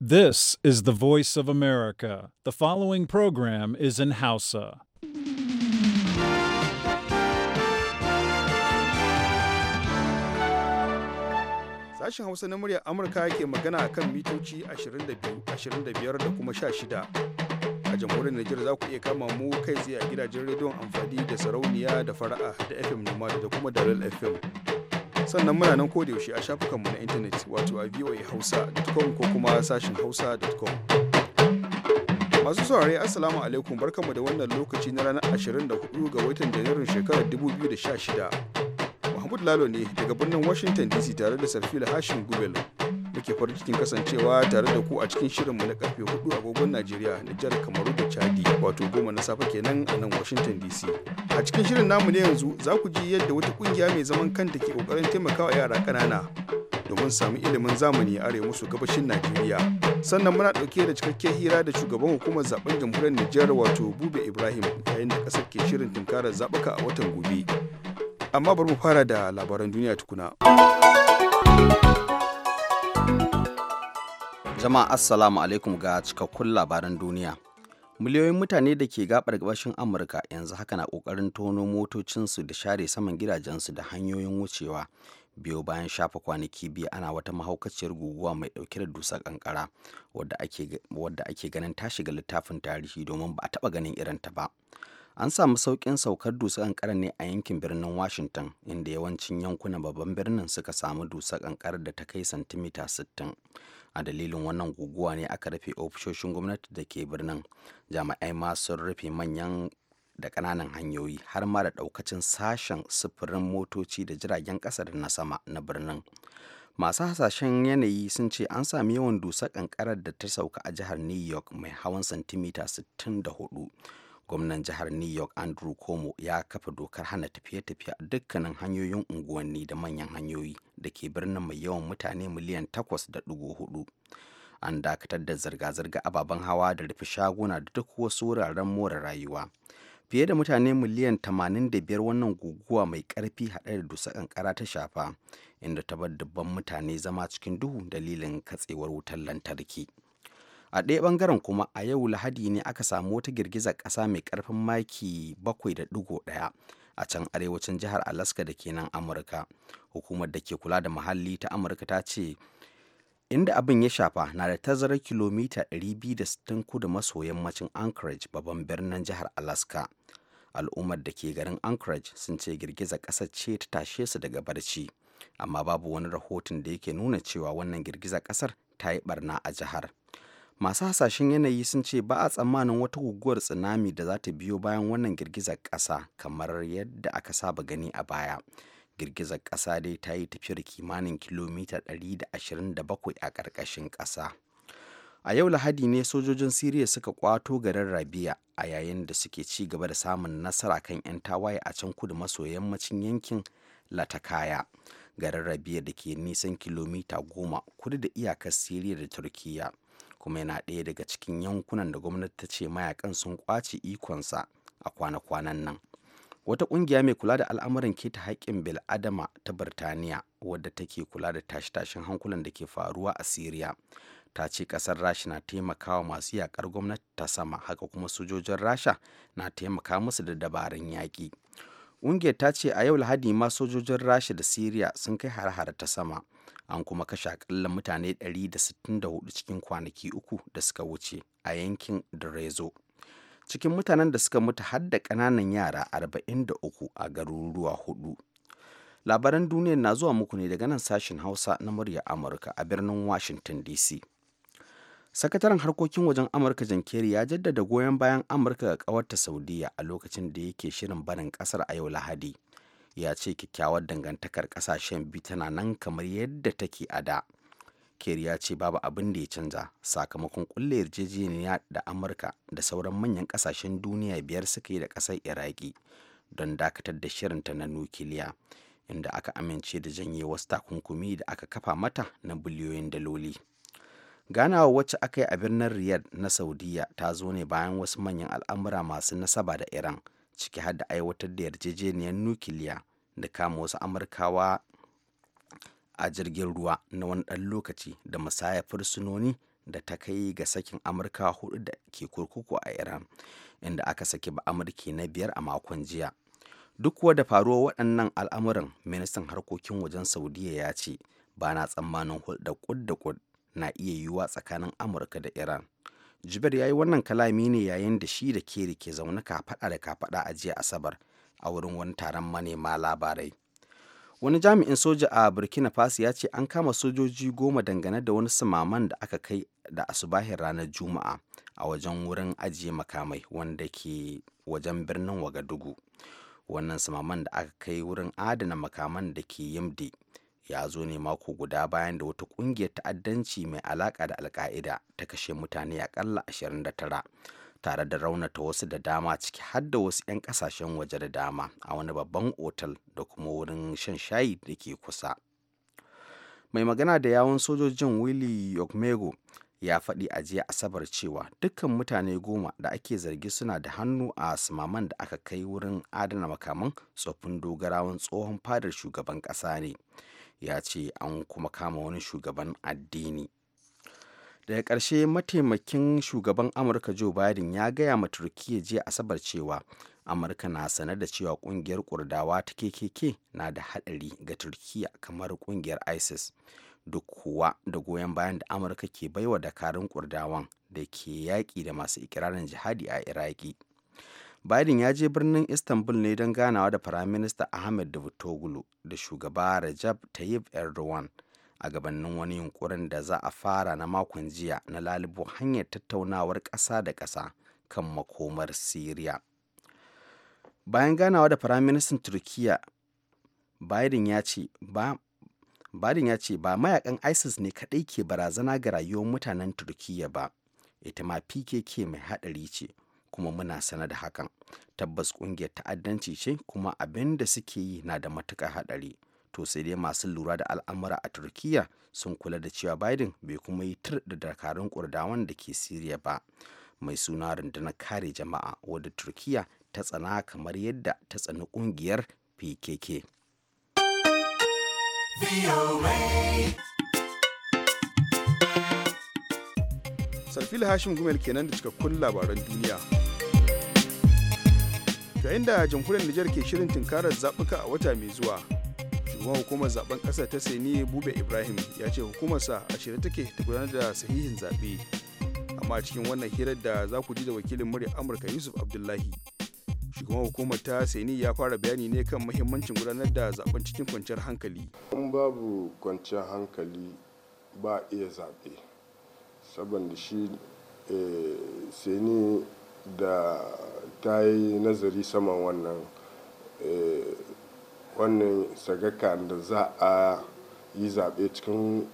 This is the voice of America. The following program is in Hausa. Sashen Hausa na muryar Amurka magana kan mitoci 22, 25 da kuma 16. A jamhuriyar za ku iya kama mu kai tsaye a gidajen rediyon amfani da sarauniya da fara'a da FM da kuma FM. sannan muna nan ko da yaushe a shafukanmu na intanet wato a voahausa.com ko kuma sashin hausa.com masu saurare assalamu alaikum barkanmu da wannan lokaci na ranar 24 ga watan janairun shekarar 2016 mahmud lalo ne daga birnin washington dc tare da sarfila hashin gubel muke farin cikin kasancewa tare da ku a cikin shirinmu na karfe 4 agogon Najeriya, Nijar, Kamaru da Chadi, wato goma na safe kenan a nan Washington DC. A cikin shirin namu ne yanzu za ku ji yadda wata kungiya mai zaman kanta ke kokarin taimakawa yara ƙanana domin samu ilimin zamani a arewa musu gabashin Najeriya. Sannan muna ɗauke da cikakken hira da shugaban hukumar zaben jamhuriyar Nijar wato Bube Ibrahim yayin da ƙasar ke shirin tunkarar zaɓuka a watan gobe. Amma bari mu fara da labaran duniya tukuna. Jama'a Assalamu alaikum ga cikakkun labaran duniya. Miliyoyin mutane da ke gabar gabashin Amurka yanzu haka na kokarin tono motocinsu da share saman gidajensu da hanyoyin wucewa. Biyo bayan shafa kwanaki biyu ana wata mahaukaciyar guguwa mai dauke da dusar kankara wadda ake ganin ta shiga littafin tarihi domin ba a taba ganin irin ta ba. an samu saukin saukar dusar kankara ne a yankin birnin washington inda yawancin yankunan babban birnin suka samu dusar kankara da ta kai santimita 60 a dalilin wannan guguwa ne aka rufe ofishoshin gwamnati da ke birnin jami'ai ma sun rufe manyan da kananan hanyoyi har ma da ɗaukacin sashen sufurin motoci da jiragen ƙasar da na sama na birnin masu hasashen yanayi sun ce an sami yawan dusa ƙanƙarar da ta sauka a jihar new york mai hawan santimita 64 gwamnan jihar new york andrew cuomo ya kafa dokar hana tafiye-tafiye a dukkanin hanyoyin unguwanni da manyan hanyoyi da ke birnin mai yawan mutane miliyan 8.4 an dakatar da zirga-zirga ababen hawa da rufe shaguna da duk wasu wuraren more rayuwa fiye da mutane miliyan 85 wannan guguwa mai karfi haɗe da dusa ƙanƙara ta shafa inda ta bar dubban mutane zama cikin duhu dalilin katsewar wutar lantarki. a ɗaya ɓangaren kuma a yau lahadi ne aka samu wata girgizar ƙasa mai ƙarfin maki bakwai da ɗaya a can arewacin jihar alaska da ke nan amurka hukumar da ke kula da muhalli ta amurka ta ce inda abin ya shafa na da tazarar kilomita 260 kudu maso yammacin anchorage babban birnin jihar alaska al'ummar da ke garin anchorage sun ce girgizar ƙasar ce ta tashe su daga barci amma babu wani rahoton da yake nuna cewa wannan girgizar ƙasar ta yi barna a jihar masu hasashen yanayi sun ce ba a tsammanin wata guguwar tsunami da za ta biyo bayan wannan girgizar ƙasa kamar yadda aka saba gani a baya girgizar ƙasa dai ta yi tafiyar kimanin kilomita 127 a ƙarƙashin ƙasa a yau lahadi ne sojojin siriya suka kwato garin rabia a yayin da suke ci gaba da samun nasara kan 'yan tawaye a can kudu maso yammacin yankin latakaya garin rabia da ke nisan kilomita goma kudu da iyakar siriya da turkiyya. kuma yana ɗaya daga cikin yankunan da gwamnati ta ce mayakan sun kwace ikonsa a kwana-kwanan nan wata ƙungiya mai kula da al'amuran keta haƙƙin bil'adama ta birtaniya wadda take kula da tashe-tashen hankulan da ke faruwa a siriya ta ce ƙasar rasha na taimakawa masu yaƙar gwamnati ta sama haka kuma sojojin rasha na taimaka musu da dabarun yaƙi ƙungiyar ta ce a yau lahadi ma sojojin rasha da siriya sun kai har-har ta sama an kuma kashe akalla mutane 164 cikin kwanaki uku da suka wuce a yankin Drezo. Cikin mutanen da suka mutu har da ƙananan yara 43 a garuruwa hudu. Labaran Duniya na zuwa muku ne daga nan sashen Hausa na murya Amurka a birnin Washington DC. Sakataren harkokin wajen Amurka John Kerry ya jaddada goyon bayan Amurka ga ƙawarta Saudiya a lokacin da yake shirin barin ƙasar a yau Lahadi. ya ce kyakkyawar dangantakar kasashen biyu tana nan kamar yadda take a da ker ya ce babu abin da ya canza sakamakon kulle yarjejeniya da amurka da sauran manyan kasashen duniya biyar suka yi da kasar iraki don dakatar da shirinta na nukiliya inda aka amince da janye wasu takunkumi da aka kafa mata na biliyoyin daloli ganawa wacce aka yi a birnin riyadh na saudiya ta zo ne bayan wasu manyan al'amura masu nasaba da iran ciki har da aiwatar da yarjejeniyar nukiliya da kama wasu amurkawa a jirgin ruwa na wani ɗan lokaci da musaya fursunoni da ta kai ga sakin amurka hudu da ke kurkuku a iran inda aka saki ba amurki na biyar a makon jiya duk da faruwa waɗannan al'amuran ministan harkokin wajen saudiya ya ce ba na tsammanin hulɗa kud da kud na iya yiwuwa tsakanin amurka da iran jibir ya yi wannan kalami ne yayin da shi da keri ke zaune kafaɗa da kafaɗa a jiya asabar a wurin wani taron manema labarai wani jami'in soja a burkina faso ya ce an kama sojoji goma dangane da wani samaman da aka kai da asubahin ranar juma'a a wajen wurin ajiye makamai wanda ke wajen birnin wagadugu wannan samaman da aka kai wurin adana makaman da ke yimdi ya zo ne mako guda bayan da wata kungiyar ta'addanci mai alaka da alka'ida ta kashe mutane akalla 29 tare da raunata wasu da dama ciki har da wasu 'yan kasashen waje da dama a wani babban otal da kuma wurin shan shayi da ke kusa mai magana da yawon sojojin willy ogmego ya faɗi a jiya asabar cewa dukkan mutane goma da ake zargi suna da hannu a samaman da aka kai wurin adana makaman tsoffin dogarawan tsohon fadar shugaban ƙasa ne ya ce an kuma kama wani shugaban addini daga ƙarshe mataimakin shugaban amurka joe biden ya gaya ma turkiyya jiya asabar cewa amurka na sanar da cewa ƙungiyar kurdawa ta kkk na da haɗari ga turkiyya kamar ƙungiyar isis duk kuwa da goyon bayan da amurka ke baiwa dakarun kurdawan da ke yaƙi da masu ikirarin jihadi a iraki biden ya je birnin istanbul ne don ganawa da firaminista ahmed davutoglu da shugaba rajab tayyip erdogan a gabanin wani yunkurin da za a fara na makon jiya na lalibu hanyar tattaunawar ƙasa da ƙasa kan makomar Siriya. Bayan ganawa da Firaministan Turkiyya, Biden ya ce ba Biden ya ce ba mayakan ISIS ne kaɗai ke barazana ga rayuwar mutanen Turkiyya ba, ita ma PKK mai haɗari ce, kuma muna sana da hakan. Tabbas ƙungiyar ta'addanci ce kuma abin da suke yi na da matuƙar haɗari. to sai dai masu lura da al'amura a turkiya sun kula da cewa biden bai kuma yi tur da dakarun kurdawan da ke siriya ba mai suna rundunar kare jama'a wadda turkiya ta tsana kamar yadda ta tsani kungiyar pkk sarfil hashim gumel kenan da cikakkun labaran duniya yayin da jamhuriyar nijar ke shirin tunkarar zaɓuka a wata mai zuwa shugaban hukumar zaben kasa ta sani bube ibrahim ya ce hukumarsa a shirye take ta gudanar da sahihin zaɓe amma cikin wannan hirar da za ku ji da wakilin murya amurka yusuf abdullahi shugaban hukumar ta sani ya fara bayani ne kan mahimmancin gudanar da zaben cikin kwanciyar hankali in babu kwanciyar hankali ba iya zaɓe saboda shi eh, sani da ta yi nazari saman wannan eh, wannan sagaka da za a yi zaɓe cikin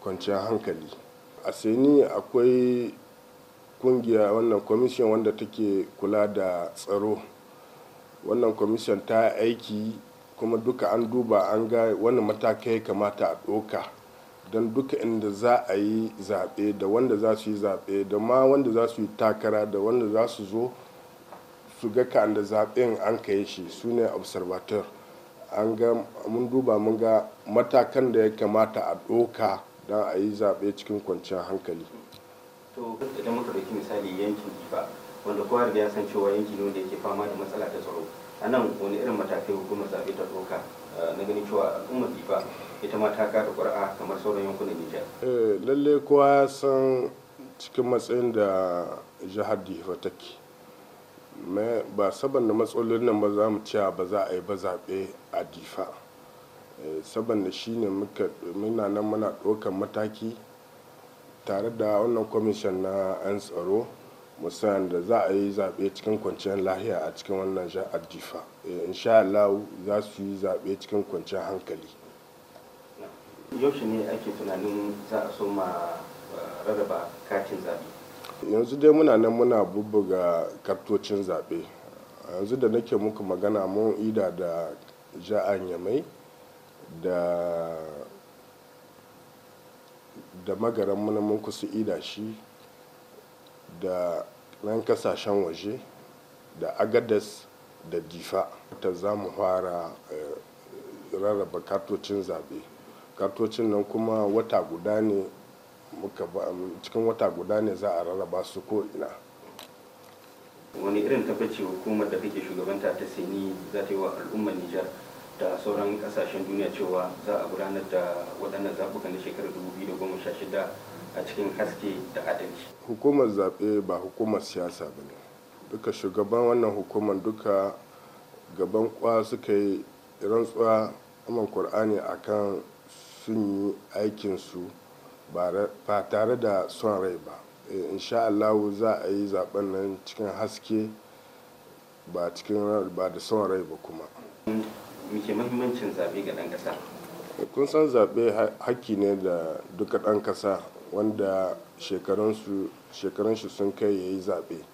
kwanciyar hankali a seni akwai kungiya wannan kwamishin wanda take kula da tsaro wannan kwamishin ta aiki kuma duka an duba an ga wani matakai kamata a ɗoka don duka inda za a yi zaɓe da wanda za su yi zaɓe da ma wanda za su yi takara da wanda za su zo su ga ka da zaɓen an ka yi shi su ne observator an ga mun duba mun ga matakan da ya kamata a doka don a yi zaɓe cikin kwanciyar hankali to idan muka ɗauki misali yankin jifa wanda kowa da ya san cewa yankin ne wanda yake fama da matsala ta tsaro a nan wani irin matakai hukumar zaɓe ta doka eh, na ganin cewa al'ummar jifa ita ma ta kada ƙuri'a kamar sauran yankunan nijar eh, lallai kowa ya san cikin matsayin da jihar jifa take ba saboda matsalolin nan ba za mu cewa ba za a yi ba zaɓe a difa eh, saboda shi ne muna nan muna ɗaukar mataki tare da wannan kwamishin na 'yan tsaro musamman da za a yi zaɓe cikin kwanciyar lahiya a cikin wannan jihar difa eh, insha Allah za su yi zaɓe cikin kwanciyar hankali yaushe ne ake tunanin za a so ma eh, rarraba katin zaɓe yanzu dai muna nan muna bubbuga kartocin zaɓe yanzu da nake muku magana mun ida da ja'an yamai da da magaran muna mun kusa ida shi da nan kasashen waje da agadas da difa ta za mu fara eh, rarraba kartocin zaɓe kartocin nan kuma wata guda ne muka ba cikin wata guda ne za a rarraba su ko ina wani irin tabbaci hukumar da kake shugabanta ta sini za ta yi wa al'ummar nijar da sauran kasashen duniya cewa za a gudanar da waɗannan zaɓuka na shekarar 2016 a cikin haske da adalci hukumar zaɓe ba hukumar siyasa ba ne duka shugaban wannan hukumar duka gaban kwa suka yi rantsuwa amma kur'ani akan sun yi aikinsu ba tare da son rai ba eh, insha Allah za a yi zaben nan cikin haske ba cikin ba da son rai ba kuma muke muhimmancin zaɓe ga ɗan ƙasa kun san zaɓe haƙƙi ne da duka ɗan ƙasa wanda shekarun shi sun kai ya yi zaɓe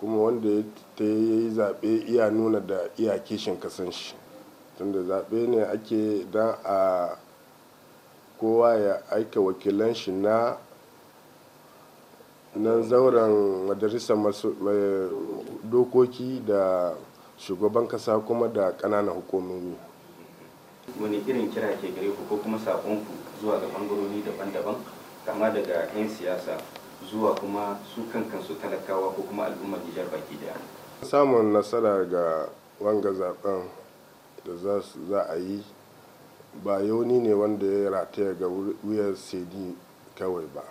kuma wanda ta yi zaɓe iya nuna da iyakishin kishin kasan shi tunda zaɓe ne ake dan a kowa ya aika wakilan shi na nan zauren majalisar dokoki da shugaban kasa kuma da kananan hukumomi wani irin kira ke gare ku ko kuma sakonku zuwa ga bangarori daban-daban kama daga 'yan siyasa zuwa kuma su kansu talakawa ko kuma al'ummar nijar baki daya samun nasara ga wanga zaben da za a yi ba yauni ne wanda ya rataya ga wuyar cd kawai ba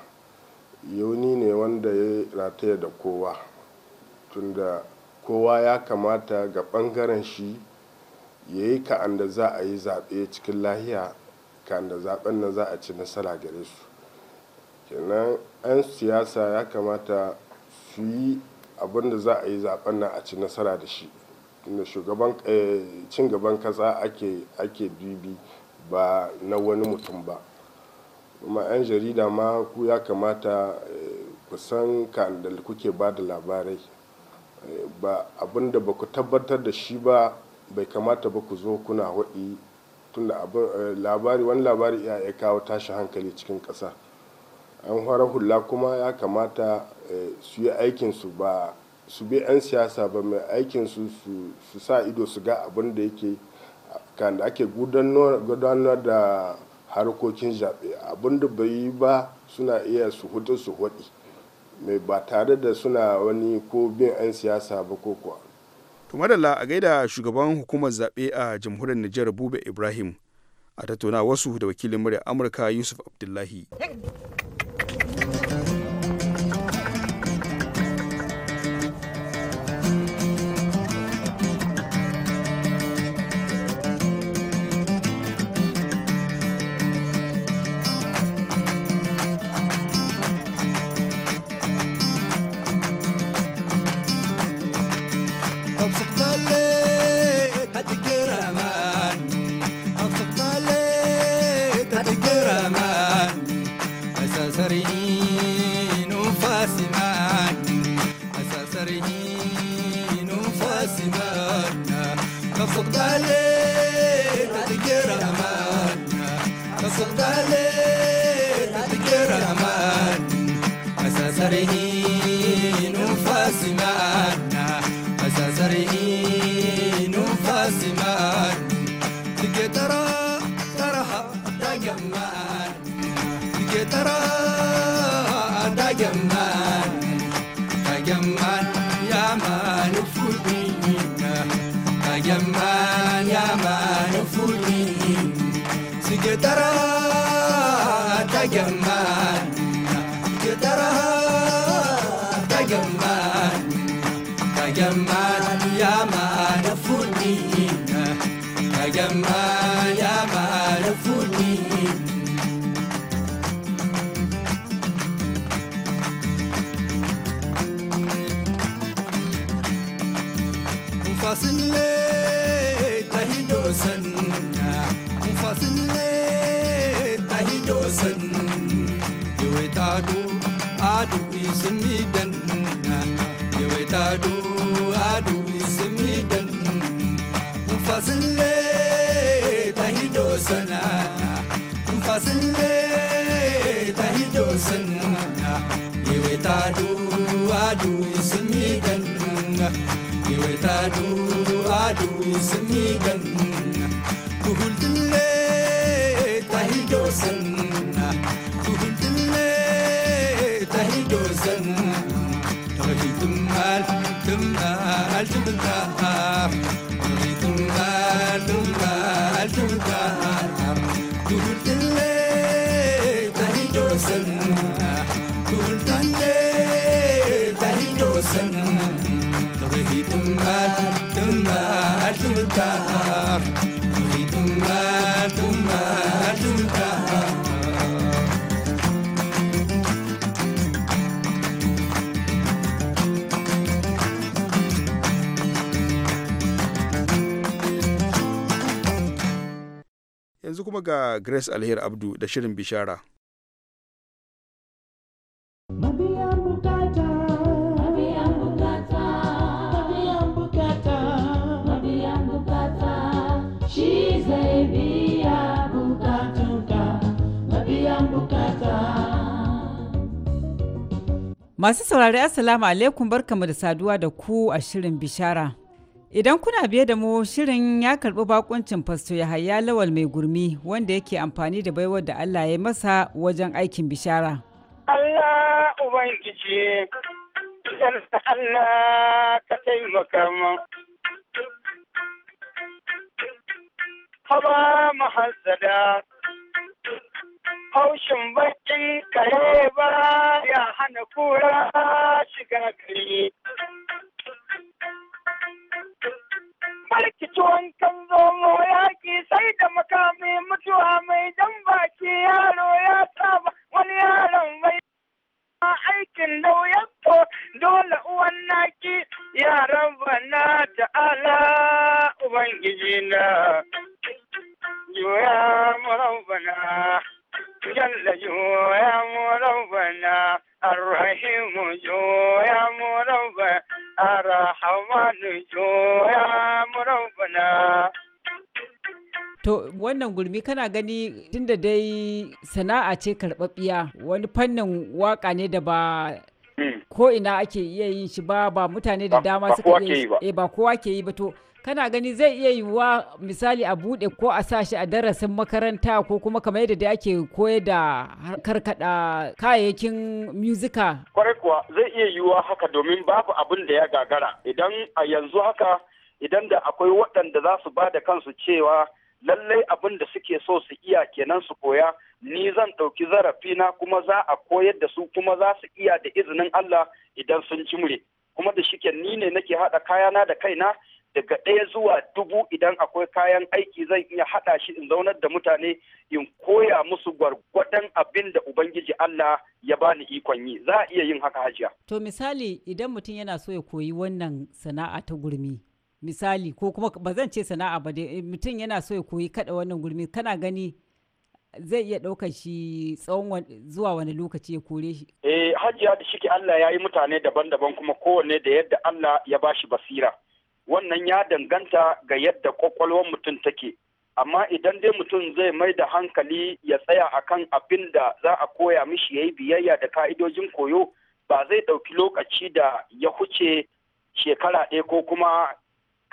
yauni ne wanda ya rataya da kowa tunda kowa ya kamata ga ɓangaren shi ya yi ka'an da za a yi zaɓe cikin lahiya ka'an da zaɓen nan za a ci nasara gare su kenan 'yan siyasa ya kamata su yi abin da za a yi zaɓen nan a ci nasara da shi tunda shugaban eh, cin gaban ƙasa ake ake bibi ba na wani mutum ba kuma 'yan jarida ma ku ya kamata eh, ku san ka da kuke ba da labarai eh, ba abinda ba ku tabbatar da shi ba bai kamata ba ku zo kuna tun tunda eh, labari wani labari ya kawo tashi hankali cikin ƙasa an fara hula kuma ya kamata su yi aikinsu ba su bi 'yan siyasa ba mai aikinsu su sa ido su ga abin da yake kan da ake gudanar da harkokin zaɓe abin da bai yi ba suna iya su hutu su hudu mai ba tare da suna wani ko bin 'yan siyasa ba ko kuwa. to madalla a gaida shugaban hukumar zaɓe a jamhuriyar nijar bube ibrahim a tattauna wasu da wakilin murya amurka yusuf abdullahi ተገማን ያማለፉኒና ተገማን ያማለፉኒ ንፋስሌ ተሂዶሰና ንፋስሌ ተሂዶሰን የወይታዱ አዱ ስሚደና የወይታዱ adu isimidan fasille tahido sana fasille tahido sana iwe tadu adu isimidan iwe tadu adu isimidan kuhuldille tahido sana kuhuldille tahido sana الجمله الجمله yanzu kuma ga Grace Alheri Abdu da Shirin Bishara. Masu saurari Assalamu alaikum barkamu da saduwa da ku a Shirin Bishara. Idan kuna biye da mu shirin ya karɓi bakuncin fasto Yahaya Lawal mai gurmi wanda yake amfani da baiwar da Allah ya masa wajen aikin bishara. Allah Ubangiji, Allah ka taimaka mu. Haba mahazzada, haushin bakin kare ba ya hana kura shiga gari. Karki wankan zomo yaki sai da makami mutuwa mai jan baki yaro ya saba wani yaron bai aikin lauyatto dole uwan naki yaran bana ta'ala ubangiji na joya muran bana jalla joya muran bana arrahimu joya muran bana arhamanu ya murabbana To wannan gurmi kana gani tunda dai sana'a ce karɓaɓɓiya wani fannin waka ne da ba hmm. ko ina ake iya yin shi ba ba mutane da dama suka yi eh, ba kowa ke yi ba to kana gani zai iya yiwuwa misali a buɗe ko a sa a darasin makaranta ko kuma kamar yadda ake koyar da karkada kayayyakin musika kwarai kuwa zai iya yiwuwa haka domin babu abin da ya gagara idan a yanzu haka idan da akwai waɗanda za su ba da kansu cewa lallai abin da suke so su iya kenan su koya ni zan ɗauki zarafina kuma za a koyar da su kuma za su iya da izinin Allah idan sun cimre kuma da shike ni ne nake haɗa kayana da kaina daga ɗaya zuwa dubu idan akwai kayan aiki zan iya haɗa shi in zaunar da mutane in koya musu gwargwadon abin da Ubangiji Allah ya bani ikon yi za a iya yin haka hajiya. To misali idan mutum yana so ya koyi wannan sana'a ta gurmi misali ko kuma ba zan ce sana'a ba da eh, mutum yana so ya koyi kada wannan gurmi kana gani zai iya ɗaukar shi tsawon zuwa wani lokaci ya kore shi. Eh hajiya da shike Allah ya yi mutane daban-daban kuma kowanne da yadda Allah ya bashi basira. wannan ya danganta ga yadda kwakwalwar mutum take amma idan dai mutum zai mai da hankali ya tsaya a kan abin da za a koya mishi ya yi biyayya da ka'idojin koyo ba zai ɗauki lokaci da ya huce shekara ɗaya ko kuma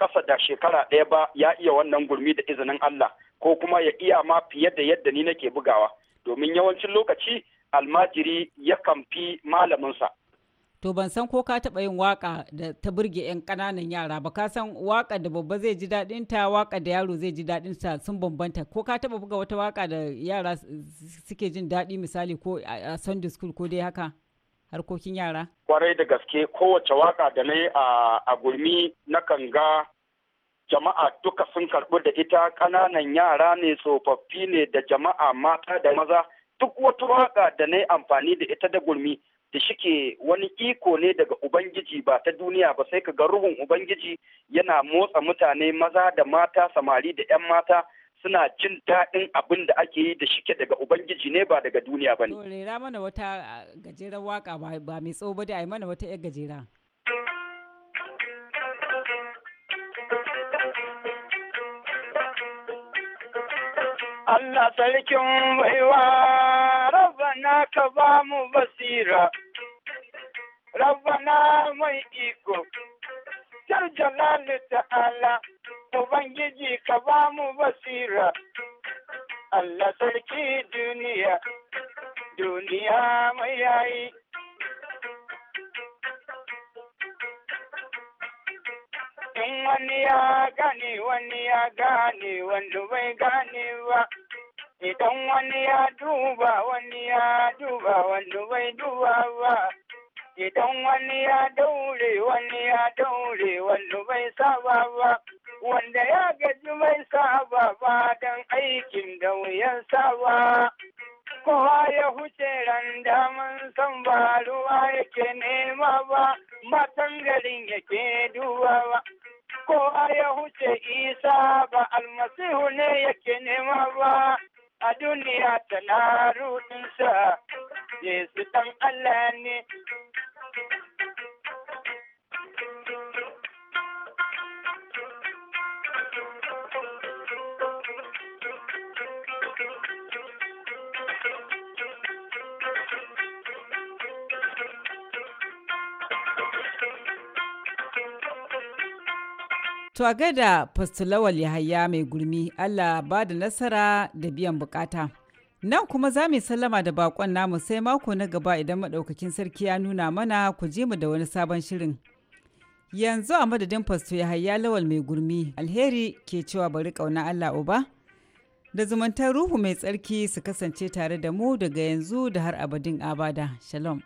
kasa da shekara ɗaya ba ya iya wannan gurmi da izinin Allah ko kuma ya iya ma fiye da yadda ni nake bugawa domin yawancin lokaci almajiri yakan fi malaminsa to ban san ko ka taba yin waka da ta burge 'yan kananan yara ba ka san waka da babba zai ji daɗin ta waka da yaro zai ji daɗin ta sun bambanta ko ka taba buga wata waka da yara suke jin daɗi misali ko a sunday school ko dai haka harkokin yara kwarai da gaske kowace waka da nayi yi a gurmi na kanga jama'a duka sun karɓi da ita kananan yara ne tsofaffi ne da jama'a mata da maza duk wata waka da nayi amfani da ita da gurmi da shike wani iko ne daga ubangiji ba ta duniya ba sai ka ga ruhun ubangiji yana motsa mutane maza da mata samari da 'yan mata suna jin daɗin abin da ake yi da shike daga ubangiji ne ba daga duniya ba ne. rera mana wata gajeren waka ba mai tsawo ba da ai mana wata 'yar gajera. Allah sarkin baiwa rabana ka ba mu basira rabbana mai iko jar jalali ta'ala ubangiji ka ba mu basira Allah sarki duniya duniya mai yayi in wani ya gane wani ya gane wanda bai gane ba idan wani ya duba wani ya duba wanda bai duba ba Idan wani ya daure wani ya daure wanda bai saba ba, wanda ya gaji bai saba ba don aikin da wuyan saba. Kowa ya huce ran daman san ba ruwa yake nema ba, matan garin yake ba. Kowa ya huce isa ba almasihu ne yake nema ba, a duniya tana rudinsa, Yesu ɗan Allah ne. To a lawal Fastulawal Yahaya mai gurmi Allah ba da nasara da biyan bukata. Nan kuma za mu sallama da bakon namu sai mako na gaba idan maɗaukakin sarki ya nuna mana ku ji mu da wani sabon shirin. Yanzu a madadin fasto Yahaya Lawal mai gurmi alheri ke cewa bari ƙauna Allah uba. Da zumuntar ruhu mai tsarki su kasance tare da mu daga yanzu da har abadin abada. Shalom.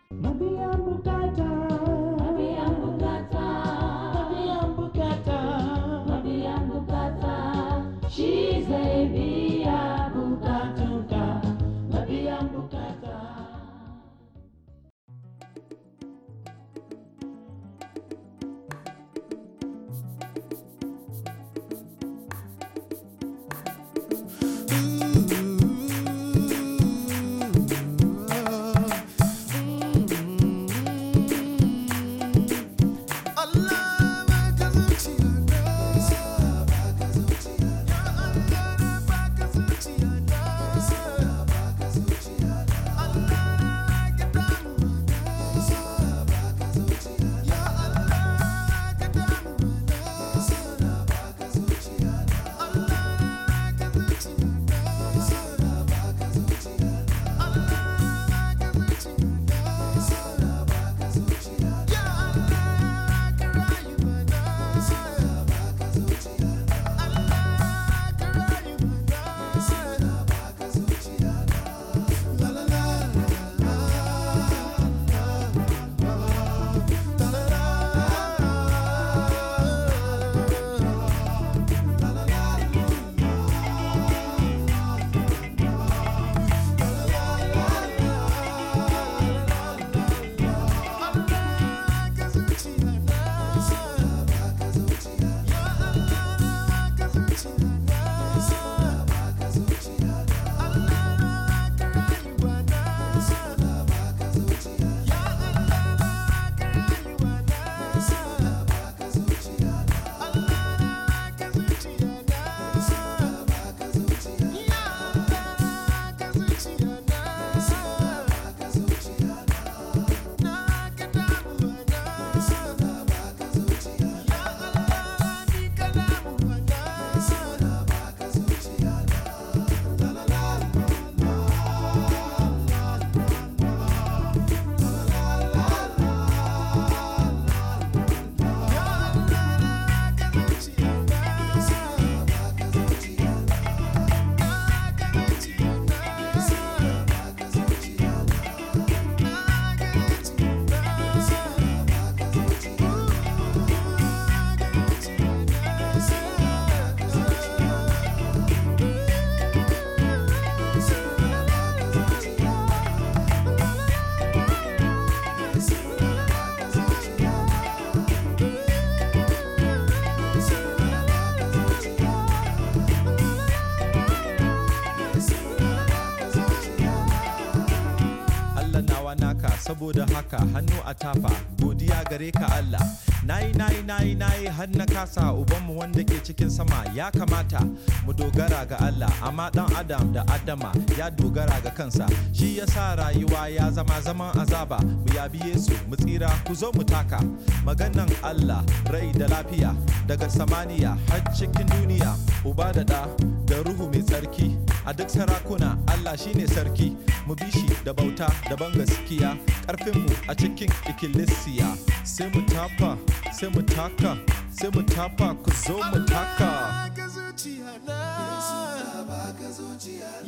saboda haka hannu a tafa godiya gare ka Allah nayi nayi nayi nayi har na kasa ubanmu wanda ke cikin sama ya kamata mu dogara ga Allah amma dan adam da adama ya dogara ga kansa shi ya sa rayuwa ya zama zaman azaba mu yabi Yesu mu tsira ku zo mu taka maganan Allah rai da lafiya daga samaniya har cikin duniya uba da da da ruhu mai tsarki a duk sarakuna Allah shine sarki mu bi shi da bauta da ban gaskiya karfinmu a cikin ikilisiya sai mu tafa sai mu taka sai mu tafa ku zo mu taka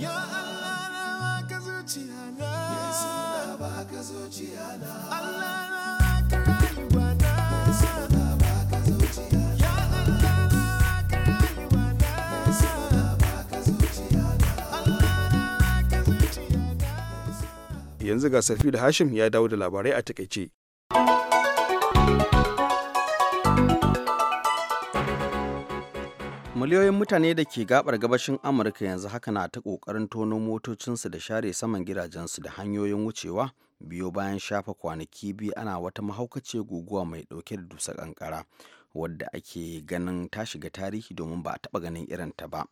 Ya Allah na ka zuciya na Allah na yanzu ga sarfil hashim ya dawo da labarai a takaice miliyoyin mutane da ke gabar gabashin amurka yanzu haka na ta kokarin tono motocinsu da share saman gidajensu da hanyoyin wucewa biyo bayan shafa kwanaki biyu ana wata mahaukace guguwa mai dauke da dusa kankara wadda ake ganin ta shiga tarihi domin ba a taba ganin irinta ba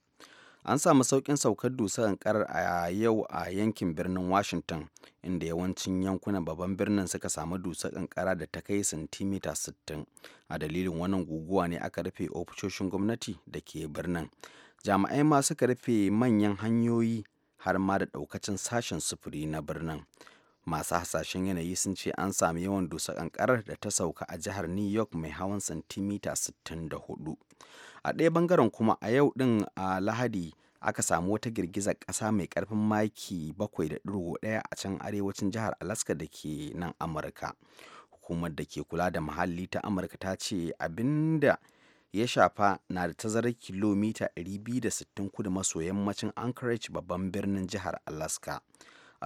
an samu sauƙin saukar dusar ƙanƙarar a yau a yankin birnin washington inda yawancin yankunan babban birnin suka samu dusar ƙanƙara da ta kai santimita 60 a dalilin wannan guguwa ne aka rufe ofisoshin gwamnati da ke birnin jami'ai ma suka rufe manyan hanyoyi har ma da ɗaukacin sashen sufuri na birnin masu hasashen yanayi sun ce an sami yawan dusa kankarar da ta sauka a jihar new york mai hawan santimita 64 a ɗaya bangaren kuma a yau ɗin a lahadi aka samu wata girgizar ƙasa mai ƙarfin maki 7.1 a can arewacin jihar alaska da ke nan amurka hukumar da ke kula da muhalli ta amurka ta ce abinda ya shafa na da tazarar kilomita 260 kudu maso yammacin anchorage babban birnin jihar alaska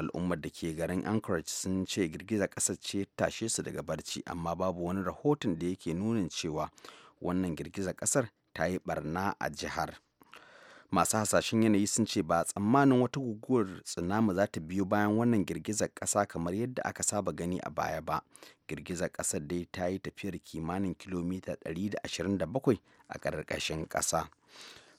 al'ummar da ke garin anchorage sun ce girgizar ƙasar ce tashe su daga barci amma babu wani rahoton da yake nunin cewa wannan girgizar ƙasar ta yi barna a jihar masu hasashen yanayi sun ce ba tsammanin wata guguwar tsunami za ta biyo bayan wannan girgizar ƙasa kamar yadda aka saba gani a baya ba girgizar ƙasar dai ta yi tafiyar kimanin kilomita 127 a ƙarƙashin ƙasa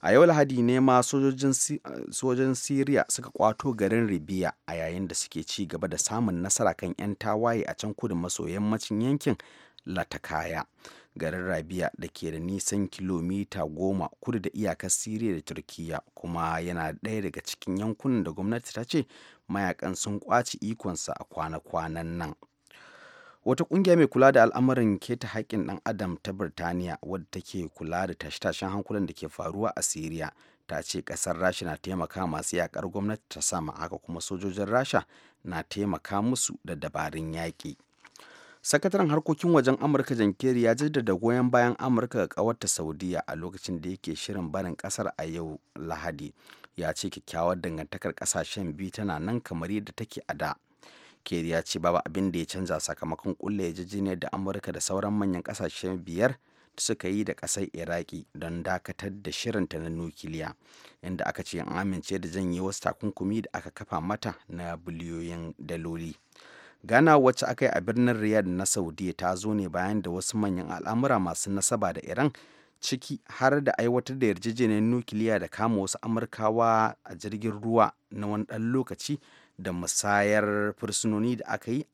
a yau lahadi ne ma sojojin siriya suka kwato garin ribiya a yayin da suke ci gaba da samun nasara kan 'yan tawaye a can kudu maso yammacin yankin latakaya garin rabiya da ke da nisan kilomita goma kudu da iyakar siriya da turkiya kuma yana ɗaya daga cikin yankunan da gwamnati ta ce mayakan sun kwaci ikonsa a kwana-kwanan nan wata kungiya mai kula da al'amarin keta haƙƙin ɗan adam ta birtaniya wadda take kula da tashe-tashen hankulan da ke faruwa a siriya ta ce ƙasar rasha na taimaka masu yaƙar gwamnati ta sama haka kuma sojojin rasha na taimaka musu da dabarun yaƙi sakataren harkokin wajen amurka jan kerry ya jaddada goyon bayan amurka ga ƙawarta saudiya a lokacin da yake shirin barin ƙasar a yau lahadi ya ce kyakkyawar dangantakar ƙasashen biyu tana nan kamar yadda take a da kerry ya ce babu abin da ya canza sakamakon kulle yarjejeniyar da amurka da sauran manyan kasashen biyar suka yi da ƙasar iraki don dakatar da shirinta na nukiliya inda aka ce an amince da janye wasu takunkumi da aka kafa mata na biliyoyin daloli gana wacce aka yi a birnin riyadh na saudiya ta zo ne bayan da wasu manyan al'amura masu nasaba da iran ciki har da aiwatar da yarjejeniyar nukiliya da kama wasu amurkawa a jirgin ruwa na wani ɗan lokaci da musayar fursunoni da aka yi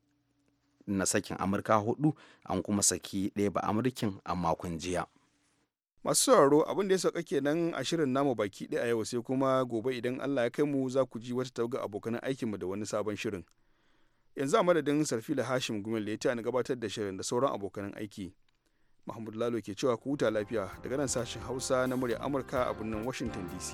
na sakin amurka hudu an kuma saki ɗaya ba amurkin a makon jiya masu sauraro abin da ya sauka kenan a shirin namu baki ɗaya yau sai kuma gobe idan allah ya kai mu za ku ji wata tauga abokan aikinmu da wani sabon shirin yanzu a madadin sarfila hashim gumel da ya ta gabatar da shirin da sauran abokan aiki Mahmud Lalo ke cewa ku huta lafiya daga nan sashen Hausa na murya Amurka a birnin Washington DC.